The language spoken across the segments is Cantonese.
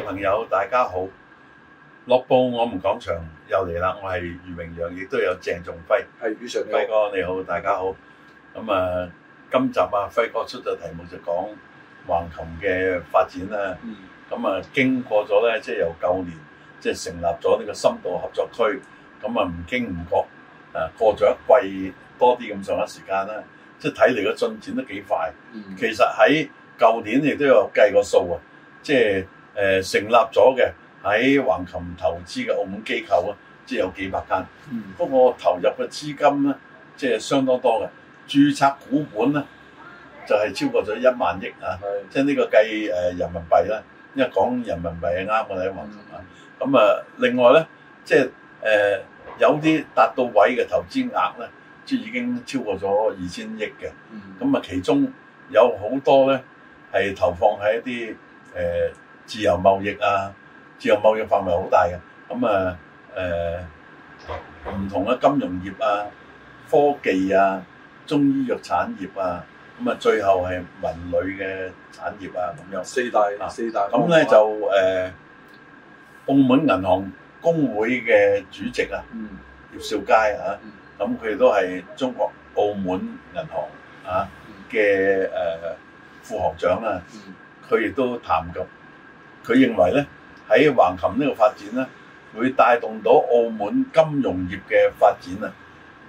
朋友大家好，樂報我們講場又嚟啦，我係余明陽，亦都有鄭仲輝，係余常輝哥你好，大家好。咁啊，今集啊輝哥出咗題目就講橫琴嘅發展啦。咁、嗯、啊，經過咗咧，即係由舊年即係成立咗呢個深度合作區，咁啊唔經唔覺誒，過咗一季多啲咁上下時間啦，即係睇嚟個進展都幾快。嗯、其實喺舊年亦都有計過數啊，即係。誒、呃、成立咗嘅喺橫琴投資嘅澳門機構啊，即係有幾百間。嗯，不過投入嘅資金咧，即係相當多嘅。註冊股本咧，就係、是、超過咗一萬億啊！即係呢個計誒、呃、人民幣啦，因為講人民幣係啱我哋喺橫琴啊。咁啊、嗯，另外咧，即係誒、呃、有啲達到位嘅投資額咧，即係已經超過咗二千億嘅。咁啊、嗯，其中有好多咧係投放喺一啲誒。呃呃自由貿易啊！自由貿易範圍好大嘅，咁啊誒，唔、呃、同嘅金融業啊、科技啊、中醫藥產業，嗯、產業啊，咁啊最後係文旅嘅產業啊咁樣。四、啊、大，四、啊、大。咁咧就誒、呃，澳門銀行公會嘅主席、嗯、啊，葉兆佳啊，咁佢、嗯、都係中國澳門銀行啊嘅誒、呃、副行長啊，佢亦都談及。佢認為咧喺橫琴呢個發展咧，會帶動到澳門金融業嘅發展啊！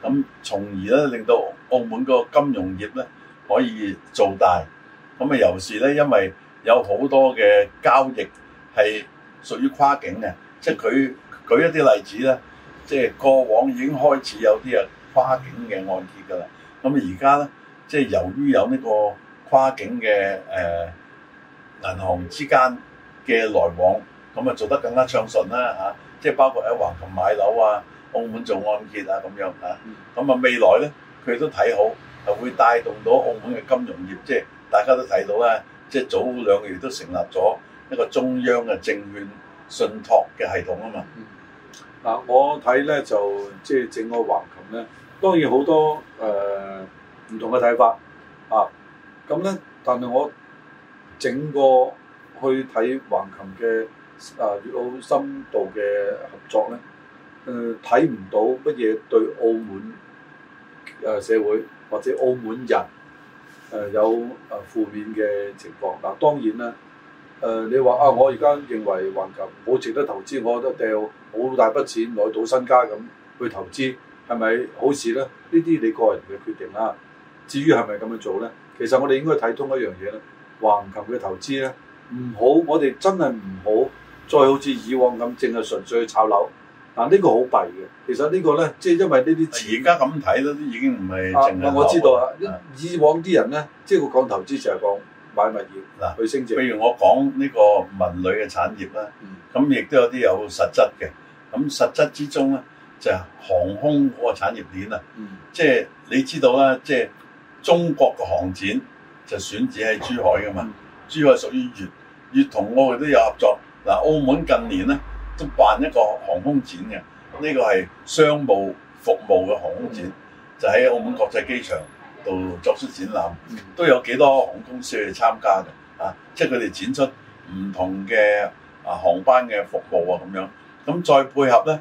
咁從而咧，令到澳門個金融業咧可以做大。咁啊，尤是咧，因為有好多嘅交易係屬於跨境嘅，即係佢舉一啲例子啦。即係過往已經開始有啲啊跨境嘅按揭噶啦。咁而家咧，即係由於有呢個跨境嘅誒、呃、銀行之間嘅來往咁啊，做得更加暢順啦嚇，即、啊、係包括喺橫琴買樓啊，澳門做按揭啊咁樣啊，咁啊、嗯、啊未來咧佢都睇好，係會帶動到澳門嘅金融業，即係大家都睇到啦，即係早兩個月都成立咗一個中央嘅證券信託嘅系統啊嘛。嗱、嗯啊，我睇咧就即係、就是、整個橫琴咧，當然好多誒唔、呃、同嘅睇法啊，咁咧，但係我整個去睇橫琴嘅啊，越嚟深度嘅合作咧。誒、呃，睇唔到乜嘢對澳門誒、呃、社會或者澳門人誒、呃、有誒負、呃、面嘅情況。嗱、呃，當然啦。誒、呃，你話啊，我而家認為橫琴好值得投資，我覺得掉好大筆錢攞到身家咁去投資，係咪好事咧？呢啲你個人嘅決定啦。至於係咪咁樣做咧，其實我哋應該睇通一樣嘢咧，橫琴嘅投資咧。唔好，我哋真係唔好再好似以往咁，淨係純粹去炒樓。嗱、啊，呢、這個好弊嘅。其實個呢個咧，即係因為呢啲而家咁睇都已經唔係淨係。我知道啊。以往啲人咧，即係講投資就係講買物業去，嗱、啊，佢升值。譬如我講呢個文旅嘅產業啦，咁亦、嗯、都有啲有實質嘅。咁實質之中咧，就是、航空嗰個產業鏈啊，即係、嗯嗯、你知道啦，即、就、係、是、中國個航展就選址喺珠海㗎嘛。珠海屬於粵。嗯越同澳亦都有合作。嗱，澳門近年咧都辦一個航空展嘅，呢、這個係商務服務嘅航空展，嗯、就喺澳門國際機場度作出展覽，嗯、都有幾多航空公司去參加嘅。啊，即係佢哋展出唔同嘅啊航班嘅服務啊咁樣。咁再配合咧，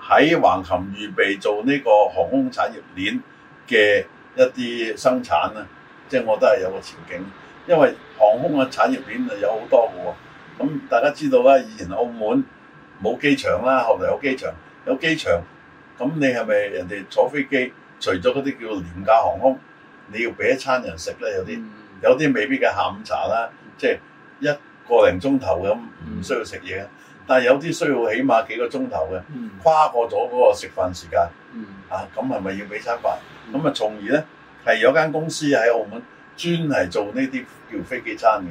喺橫琴預備做呢個航空產業鏈嘅一啲生產咧，即係我覺得係有個前景。因為航空嘅產業鏈啊有好多嘅喎，咁大家知道啦，以前澳門冇機場啦，後嚟有機場，有機場，咁你係咪人哋坐飛機？除咗嗰啲叫廉價航空，你要俾一餐人食咧？有啲有啲未必嘅下午茶啦，即係一個零鐘頭咁唔需要食嘢，嗯，但係有啲需要起碼幾個鐘頭嘅，跨過咗嗰個食飯時間，嗯，啊咁係咪要俾餐飯？咁啊從而咧係有間公司喺澳門。專係做呢啲叫飛機餐嘅，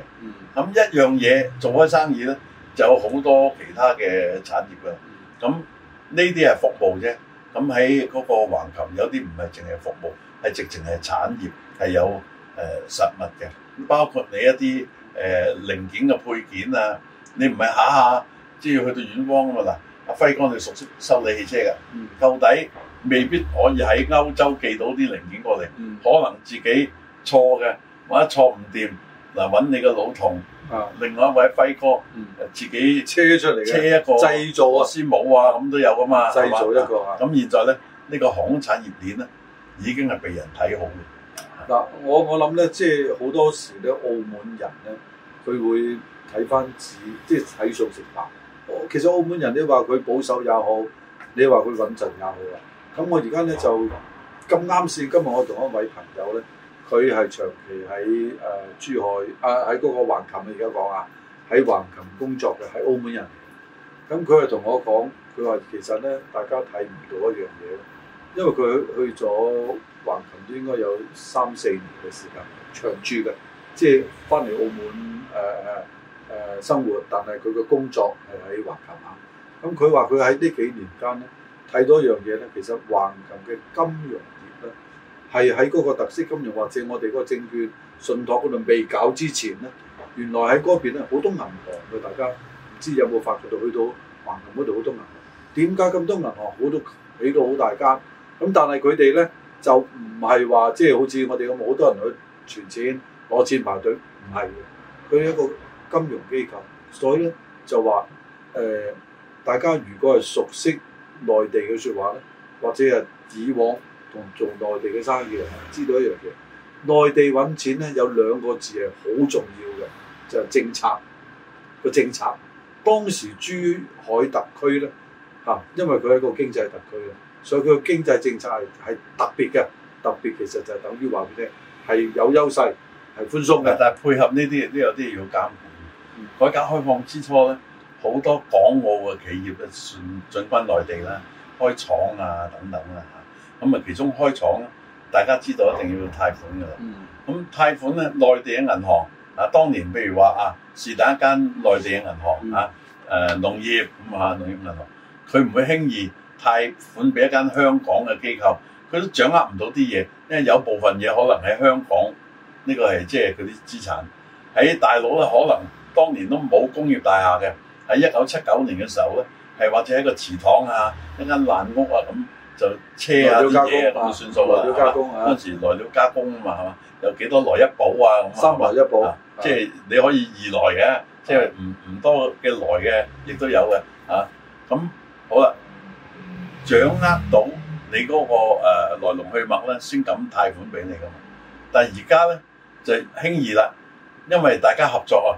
咁一樣嘢做開生意咧，就有好多其他嘅產業㗎。咁呢啲係服務啫。咁喺嗰個橫琴有啲唔係淨係服務，係直情係產業，係有誒實物嘅。包括你一啲誒零件嘅配件啊，你唔係下下即係去到遠方啊嘛嗱。阿輝哥你熟悉修理汽車㗎，到底未必可以喺歐洲寄到啲零件過嚟，可能自己。錯嘅，或者錯唔掂，嗱揾你個老同，啊、另外一位輝哥，嗯、自己車出嚟，車一個製造，製造啊，先冇啊，咁都有噶嘛，製造一個。咁吧、啊、現在咧，呢、這個航空產業鏈咧，已經係被人睇好嘅。嗱、啊，我我諗咧，即係好多時咧，澳門人咧，佢會睇翻紙，即係睇數食飯。其實澳門人你話佢保守也好，你話佢穩陣也好啊。咁我而家咧就咁啱先。今日我同一位朋友咧。佢係長期喺誒珠海啊，喺嗰個橫琴，你而家講啊，喺橫琴工作嘅，係澳門人嚟嘅。咁佢係同我講，佢話其實咧，大家睇唔到一樣嘢，因為佢去咗橫琴都應該有三四年嘅時間長住嘅，即係翻嚟澳門誒誒誒生活，但係佢嘅工作係喺橫琴嚇。咁佢話佢喺呢幾年間咧，睇到一樣嘢咧，其實橫琴嘅金融。係喺嗰個特色金融或者我哋嗰個證券、信託嗰度未搞之前咧，原來喺嗰邊咧好多銀行嘅，大家唔知有冇發覺到去到橫琴嗰度好多銀行。點解咁多銀行好多，行多起到大、就是、好大家？咁但係佢哋咧就唔係話即係好似我哋咁好多人去存錢攞錢排隊，唔係嘅。佢係一個金融機構，所以就話誒、呃，大家如果係熟悉內地嘅説話咧，或者係以往，做內地嘅生意，知道一樣嘢，內地揾錢咧有兩個字係好重要嘅，就係、政策個政策。當時珠海特區咧嚇、啊，因為佢係一個經濟特區啊，所以佢個經濟政策係係特別嘅，特別其實就等於話畀你聽，係有優勢，係寬鬆嘅。但係配合呢啲都有啲要監管。改革開放之初咧，好多港澳嘅企業咧進進軍內地啦，開廠啊等等啊。咁啊，其中開廠，大家知道一定要貸款噶啦。咁、嗯、貸款咧，內地嘅銀行啊，當年譬如話啊，是但一間內地嘅銀行啊，誒、呃、農業咁啊，農業銀行，佢唔會輕易貸款俾一間香港嘅機構，佢都掌握唔到啲嘢，因為有部分嘢可能喺香港呢、呢個係即係嗰啲資產喺大陸咧，可能當年都冇工業大廈嘅，喺一九七九年嘅時候咧，係或者喺一個祠堂啊，一間爛屋啊咁。就車啊啲嘢啊，咁嘅算數啊，嗰陣時來料加工啊嘛，有幾多來一補啊咁啊，三來一補，即係你可以二來嘅，即係唔唔多嘅來嘅，亦都有嘅嚇。咁好啦，掌握到你嗰個誒來龍去脈咧，先敢貸款俾你噶嘛。但係而家咧就輕易啦，因為大家合作啊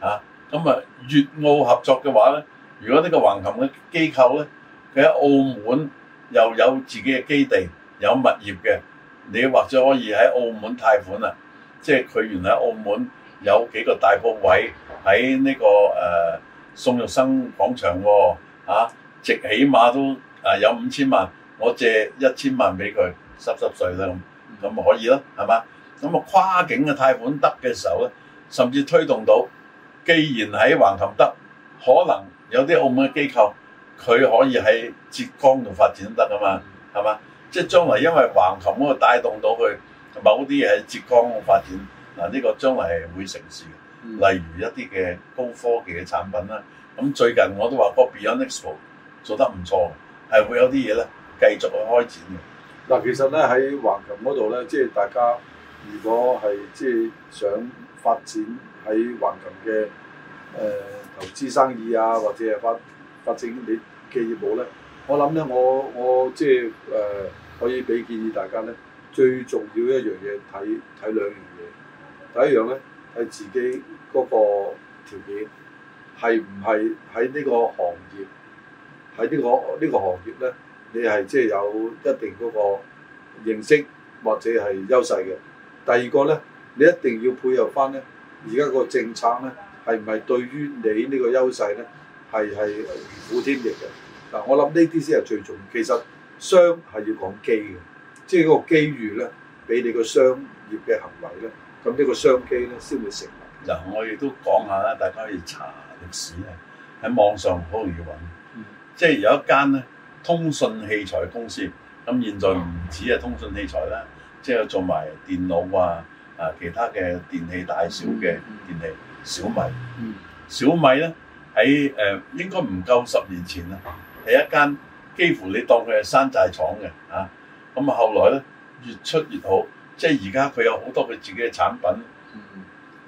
嚇。咁啊，粵澳合作嘅話咧，如果呢個橫琴嘅機構咧，佢喺澳門，又有自己嘅基地，有物業嘅，你或者可以喺澳門貸款啦。即係佢原來喺澳門有幾個大鋪位喺呢、那個誒、呃、宋玉生廣場喎、哦、嚇、啊、值起碼都誒有五千萬，我借一千萬俾佢濕濕碎啦咁，咁咪可以咯，係嘛？咁啊跨境嘅貸款得嘅時候咧，甚至推動到，既然喺橫琴得，可能有啲澳門嘅機構。佢可以喺浙江度發展得噶嘛，係嘛？即係將來因為橫琴嗰度帶動到佢某啲嘢喺浙江發展，嗱、這、呢個將來係會成事嘅。例如一啲嘅高科技嘅產品啦，咁最近我都話個 Beyond Expo 做得唔錯，係會有啲嘢咧繼續去開展嘅。嗱，其實咧喺橫琴嗰度咧，即係大家如果係即係想發展喺橫琴嘅誒、呃、投資生意啊，或者係發發展你企業部咧，我諗咧，我我即係誒可以俾建議大家咧，最重要一樣嘢睇睇兩樣嘢。第一樣咧係自己嗰個條件係唔係喺呢個行業喺呢個呢個行業咧？你係即係有一定嗰個認識或者係優勢嘅。第二個咧，你一定要配合翻咧，而家個政策咧係唔係對於你呢個優勢咧？係係如虎添翼嘅。嗱，我諗呢啲先係最重要。其實商係要講機嘅，即係個機遇咧，俾你個商業嘅行為咧，咁呢個商機咧先會成立。嗱、嗯，我亦都講下啦，大家可以查歷史咧，喺網上好容易揾。即係有一間咧通訊器材公司，咁現在唔止係通訊器材啦，即係做埋電腦啊啊其他嘅電器大小嘅電器，嗯、小米，嗯嗯、小米咧。喺誒、呃、應該唔夠十年前啦，係一間幾乎你當佢係山寨廠嘅啊！咁啊，後來咧越出越好，即係而家佢有好多佢自己嘅產品、嗯，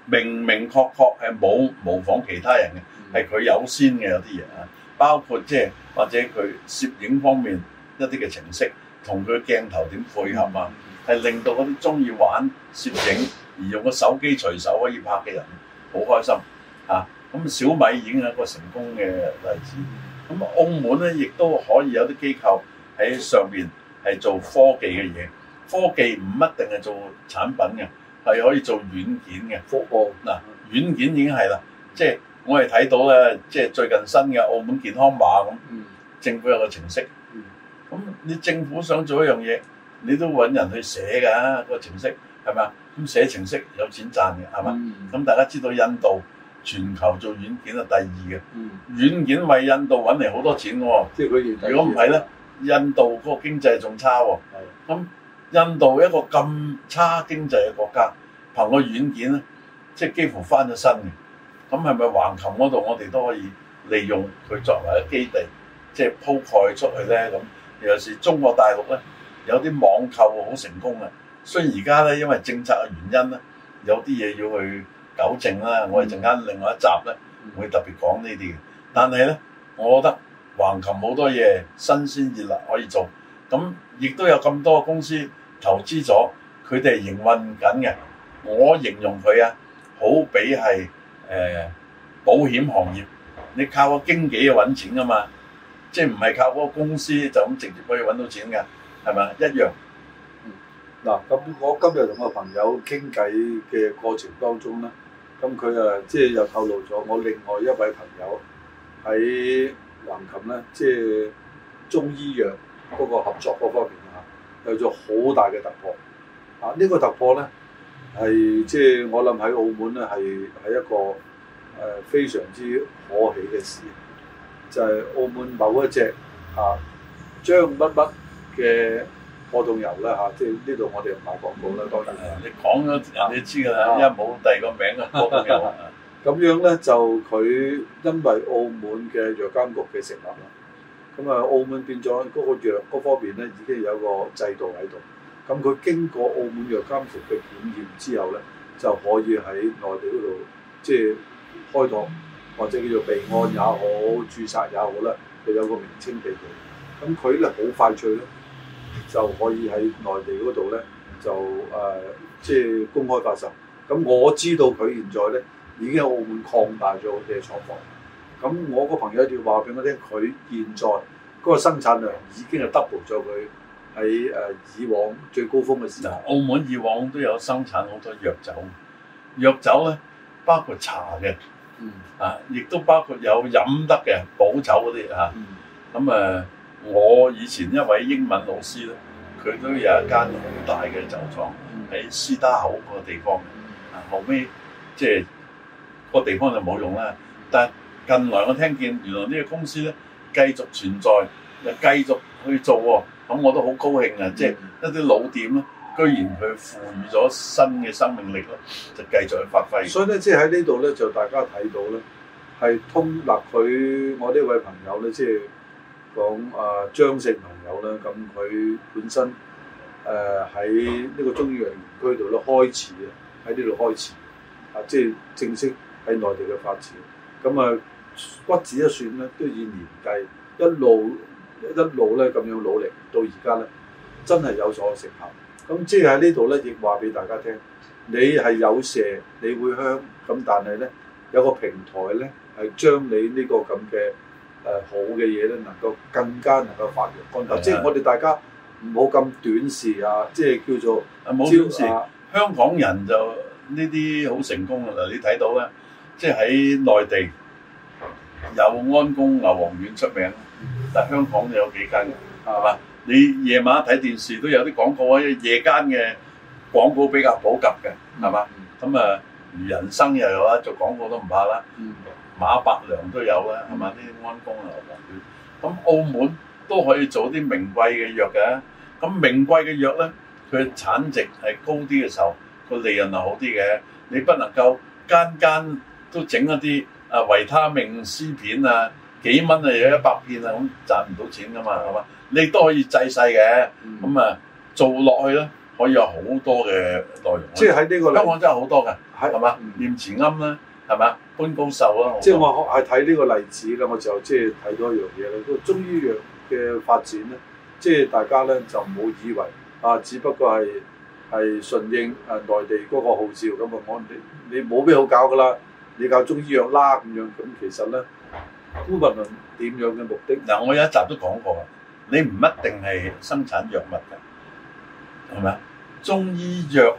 明明確確係冇模仿其他人嘅，係佢有先嘅有啲嘢啊！包括即係或者佢攝影方面一啲嘅程式，同佢鏡頭點配合啊，係令到嗰啲中意玩攝影而用個手機隨手可以拍嘅人好開心啊！咁小米已經係一個成功嘅例子。咁、嗯、澳門咧，亦都可以有啲機構喺上面係做科技嘅嘢。嗯、科技唔一定係做產品嘅，係可以做軟件嘅服務。嗱科、啊，軟件已經係啦，即、就、係、是、我哋睇到咧，即、就、係、是、最近新嘅澳門健康碼咁，嗯、政府有個程式。咁、嗯、你政府想做一樣嘢，你都搵人去寫㗎、那個程式，係咪啊？咁寫程式有錢賺嘅係嘛？咁、嗯嗯、大家知道印度。全球做軟件係第二嘅，嗯、軟件為印度揾嚟好多錢噶喎。即係佢。如果唔係咧，印度嗰個經濟仲差喎。咁的印度一個咁差經濟嘅國家，憑個軟件咧，即係幾乎翻咗身嘅。咁係咪橫琴嗰度我哋都可以利用佢的作為基地，即係鋪蓋出去咧？咁的尤其是中國大陸咧，有啲網購好成功嘅。雖然而家咧，因為政策嘅原因咧，有啲嘢要去，糾正啦，我哋陣間另外一集咧，唔會特別講呢啲嘅。但係咧，我覺得橫琴好多嘢新鮮熱辣可以做，咁亦都有咁多公司投資咗，佢哋營運緊嘅。我形容佢啊，好比係誒、呃、保險行業，你靠個經紀去揾錢噶嘛，即係唔係靠嗰個公司就咁直接可以揾到錢㗎？係咪一樣？嗱、嗯，咁我今日同我個朋友傾偈嘅過程當中咧。咁佢啊，即係又透露咗我另外一位朋友喺橫琴咧，即係中醫藥嗰個合作嗰方面吓，有咗好大嘅突破。啊，呢個突破咧，係即係我諗喺澳門咧，係係一個誒非常之可喜嘅事，就係澳門某一隻啊張乜乜嘅。波東油啦嚇，即係呢度我哋唔賣廣告啦，當然、嗯是你。你講咗，你知㗎啦，因為冇第二個名啊，波東油。咁樣咧就佢因為澳門嘅藥監局嘅成立啦，咁啊澳門變咗嗰個藥嗰方面咧已經有一個制度喺度。咁佢經過澳門藥監局嘅檢驗之後咧，就可以喺內地嗰度即係開拓或者叫做備案也好、註冊也好啦，佢有個名稱畀佢。咁佢咧好快脆咯。就可以喺內地嗰度咧，就誒、呃、即係公開發售。咁我知道佢現在咧已經喺澳門擴大咗嘅廠房。咁我個朋友一定要話俾我聽，佢現在嗰個生產量已經係 double 咗佢喺誒以往最高峰嘅時候。澳門以往都有生產好多藥酒，藥酒咧包括茶嘅，啊，亦都包括有飲得嘅補酒嗰啲啊。咁、啊、誒。啊我以前一位英文老師咧，佢都有一間好大嘅酒廠喺斯子口個地方。後尾即係個地方就冇用啦，但近來我聽見原來呢個公司咧繼續存在，又繼續去做喎、哦。咁我都好高興啊！即、就、係、是、一啲老店咧，居然佢賦予咗新嘅生命力咯，就繼續去發揮。所以咧，即係喺呢度咧，就大家睇到咧，係通納佢、呃、我呢位朋友咧，即係。講啊張姓朋友咧，咁佢本身誒喺呢個中藥園區度咧開始啊，喺呢度開始啊，即係正式喺內地嘅發展。咁啊，屈指一算咧，都以年計，一路一路咧咁樣努力，到而家咧真係有所成效。咁即係喺呢度咧，亦話俾大家聽，你係有麝，你會香。咁但係咧，有個平台咧，係將你呢個咁嘅。誒、呃、好嘅嘢咧，能夠更加能夠發揚光大。的即係我哋大家唔好咁短視啊，即係叫做冇短視。啊、香港人就呢啲好成功啦、啊。你睇到啦，即係喺內地有安宮牛黃丸出名，但係香港就有幾間嘅，係嘛？你夜晚睇電視都有啲廣告啊，因為夜間嘅廣告比較普及嘅，係嘛？咁啊，人生又有啊，做廣告都唔怕啦。嗯馬百良都有啦，係嘛？呢啲安宮牛黃丸，咁、嗯嗯、澳門都可以做啲名貴嘅藥嘅。咁、啊、名貴嘅藥咧，佢產值係高啲嘅時候，個利潤係好啲嘅。你不能夠間間都整一啲啊維他命 C 片啊，幾蚊啊有一百片啊，咁、嗯、賺唔到錢噶嘛，係嘛？你都可以製細嘅，咁啊、嗯嗯、做落去咧，可以有好多嘅內容。即係喺呢個香港真係好多嘅，係嘛是？念慈菴啦。嗯係咪？潘公壽啊，即係我係睇呢個例子咧，我就即係睇到一樣嘢咧。個中醫藥嘅發展咧，即係大家咧就唔好以為啊，只不過係係順應啊內地嗰個號召咁啊，我你你冇咩好搞噶啦，你搞中醫藥啦咁樣，咁其實咧，無論點樣嘅目的，嗱，我有一集都講過啊，你唔一定係生產藥物㗎，係咪啊？中醫藥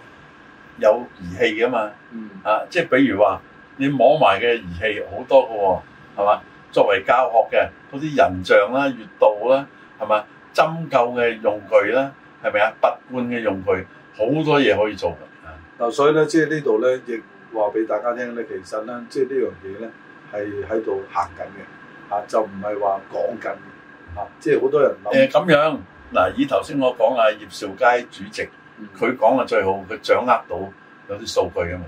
有儀器㗎嘛，嗯、啊，即係比如話。你摸埋嘅儀器好多嘅喎、哦，係嘛？作為教學嘅嗰啲人像啦、閲讀啦，係嘛？針灸嘅用具啦，係咪啊？拔罐嘅用具，好多嘢可以做嘅。嗱、嗯，所以咧，即係呢度咧，亦話俾大家聽咧，其實咧，即係呢樣嘢咧，係喺度行緊嘅，嚇就唔係話講緊嘅，嚇即係好多人。誒咁樣嗱，以頭先我講啊葉少佳主席，佢講嘅最好，佢掌握到有啲數據啊嘛。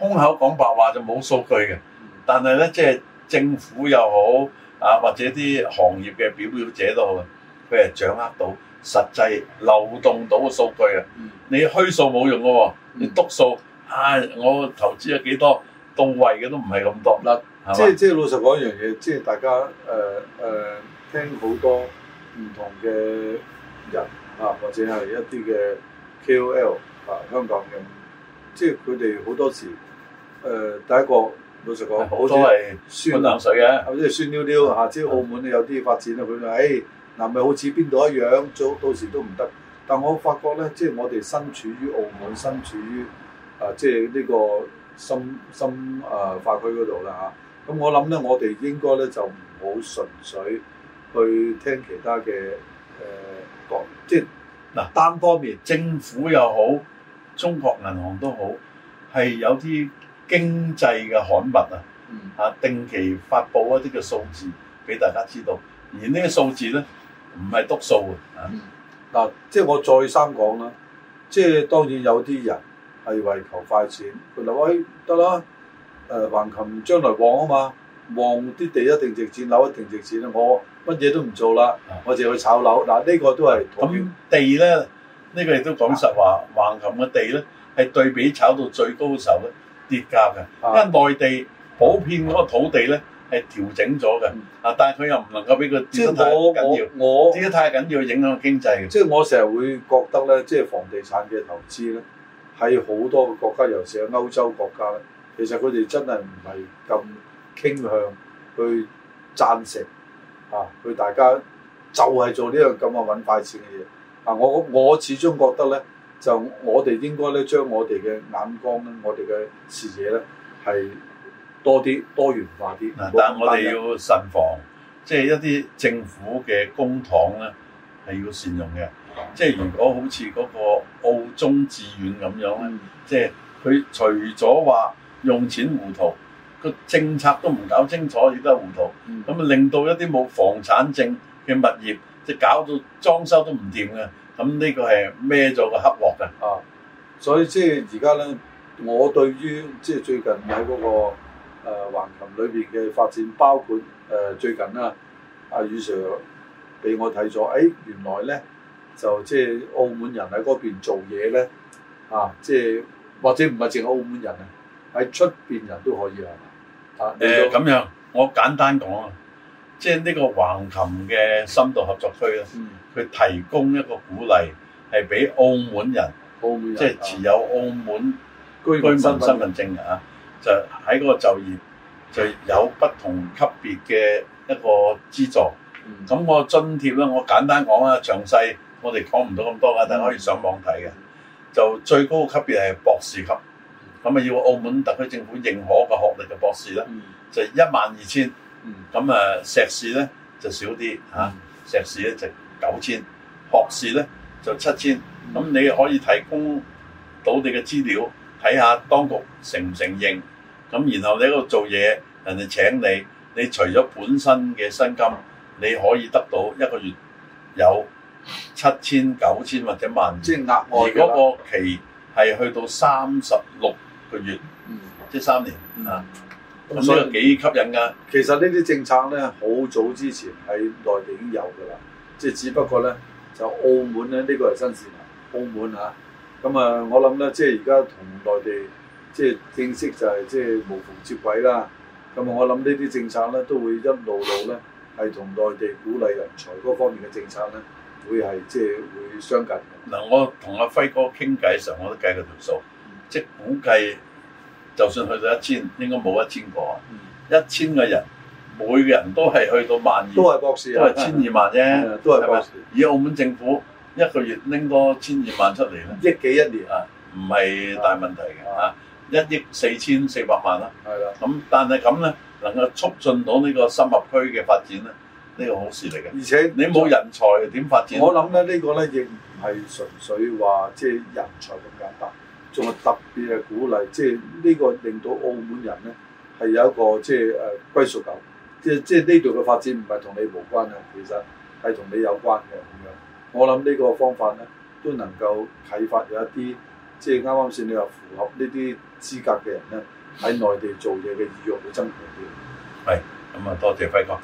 空口講白話就冇數據嘅，但係咧，即係政府又好啊，或者啲行業嘅表表者都好，佢係掌握到實際漏洞到嘅數據嘅。嗯、你虛數冇用嘅喎、哦，嗯、你篤數啊，我投資咗幾多到位嘅都唔係咁多啦是吧。即係即係老實講一樣嘢，即係大家誒誒、呃呃、聽好多唔同嘅人啊，或者係一啲嘅 KOL 啊，香港嘅，即係佢哋好多時。誒第一個老實講，都係酸冷水嘅，即係酸溜溜。下次澳門有啲發展啊，佢話，誒，嗱咪好似邊度一樣，做到時都唔得。但我發覺咧，即係我哋身處於澳門，身處於啊，即係呢個深深啊發區嗰度啦嚇。咁我諗咧，我哋應該咧就唔好純粹去聽其他嘅誒講，即係嗱單方面政府又好，中國銀行都好，係有啲。經濟嘅刊物啊，啊定期發布一啲嘅數字俾大家知道，而呢個數字咧唔係篤數啊。嗱、嗯啊，即係我再三講啦，即係當然有啲人係為求快錢，佢諗喂得啦，誒、哎啊、橫琴將來旺啊嘛，旺啲地一定值錢，樓一定值錢，樓一定值錢，我乜嘢都唔做啦，我就去炒樓。嗱呢、啊啊、個都係咁是地咧，呢、這個亦都講實話，橫琴嘅地咧係對比炒到最高嘅時候咧。跌價嘅，因為內地普遍嗰個土地咧係調整咗嘅，啊、嗯，但係佢又唔能夠俾佢，即係太緊要，我，自己太緊要影響經濟。即係我成日會覺得咧，即係房地產嘅投資咧，喺好多個國家，尤其係歐洲國家咧，其實佢哋真係唔係咁傾向去贊成啊，佢大家就係做呢個咁嘅揾快錢嘅嘢。嗱，我我始終覺得咧。就我哋應該咧，將我哋嘅眼光咧，我哋嘅視野咧，係多啲多元化啲。但係我哋要慎防，即係、嗯、一啲政府嘅公帑咧，係要善用嘅。嗯、即係如果好似嗰個澳中致遠咁樣咧，即係佢除咗話用錢糊塗，個政策都唔搞清楚，亦都係糊塗。咁啊、嗯、令到一啲冇房產證嘅物業，即係搞到裝修都唔掂嘅。咁呢個係孭咗個黑鑊㗎。啊，所以即係而家咧，我對於即係最近喺嗰、那個誒橫琴裏邊嘅發展，包括誒、呃、最近啦、啊，阿雨 Sir 俾我睇咗，誒、哎、原來咧就即係澳門人喺嗰邊做嘢咧，啊，即係或者唔係淨係澳門人啊，喺出邊人都可以係嘛？啊誒，咁、呃、樣，我簡單講啊。即係呢個橫琴嘅深度合作區咧，佢、嗯、提供一個鼓勵係俾澳門人，澳門人即係持有澳門居民身份證嘅、嗯、就喺嗰個就業就有不同級別嘅一個資助。咁個、嗯、津貼咧，我簡單講啦，詳細我哋講唔到咁多噶，但係可以上網睇嘅。就最高級別係博士級，咁啊要澳門特區政府認可嘅學歷嘅博士咧，就係一萬二千。嗯咁啊碩士咧就少啲嚇，碩士咧值九千，學士咧就七千、嗯。咁你可以提供到你嘅資料，睇下當局承唔承認。咁然後你喺度做嘢，人哋請你，你除咗本身嘅薪金，嗯、你可以得到一個月有七千、九千或者萬。即係額外嘅。而嗰個期係去到三十六個月，即係三年啊。嗯嗯咁所以幾吸引㗎？其實呢啲政策咧，好早之前喺內地已經有㗎啦，即係只不過咧，就澳門咧呢、呢個係新市民，啊！澳門啊，咁、嗯、啊，我諗咧，即係而家同內地即係正式就係即係無縫接軌啦。咁、嗯、我諗呢啲政策咧，都會一路路咧係同內地鼓勵人才嗰方面嘅政策咧，會係即係會相近。嗱，我同阿輝哥傾偈嘅時候，我都計到條數，即係估計。就算去到一千，應該冇一千個啊。一千個人，每個人都係去到萬二，都係博士，都係千二萬啫。都係博士。而澳門政府一個月拎多千二萬出嚟咧，億幾一年啊，唔係大問題嘅嚇。一億四千四百萬啦，係啦。咁但係咁咧，能夠促進到呢個深合區嘅發展咧，呢個好事嚟嘅。而且你冇人才點發展？我諗咧，呢個咧亦唔係純粹話即係人才咁簡單。仲係特別嘅鼓勵，即係呢個令到澳門人咧係有一個即係誒、呃、歸屬感，即係即係呢度嘅發展唔係同你無關嘅，其實係同你有關嘅咁樣。我諗呢個方法咧都能夠啟發有一啲即係啱啱先你話符合呢啲資格嘅人咧喺內地做嘢嘅意欲會增強啲。係，咁啊多謝輝哥。好。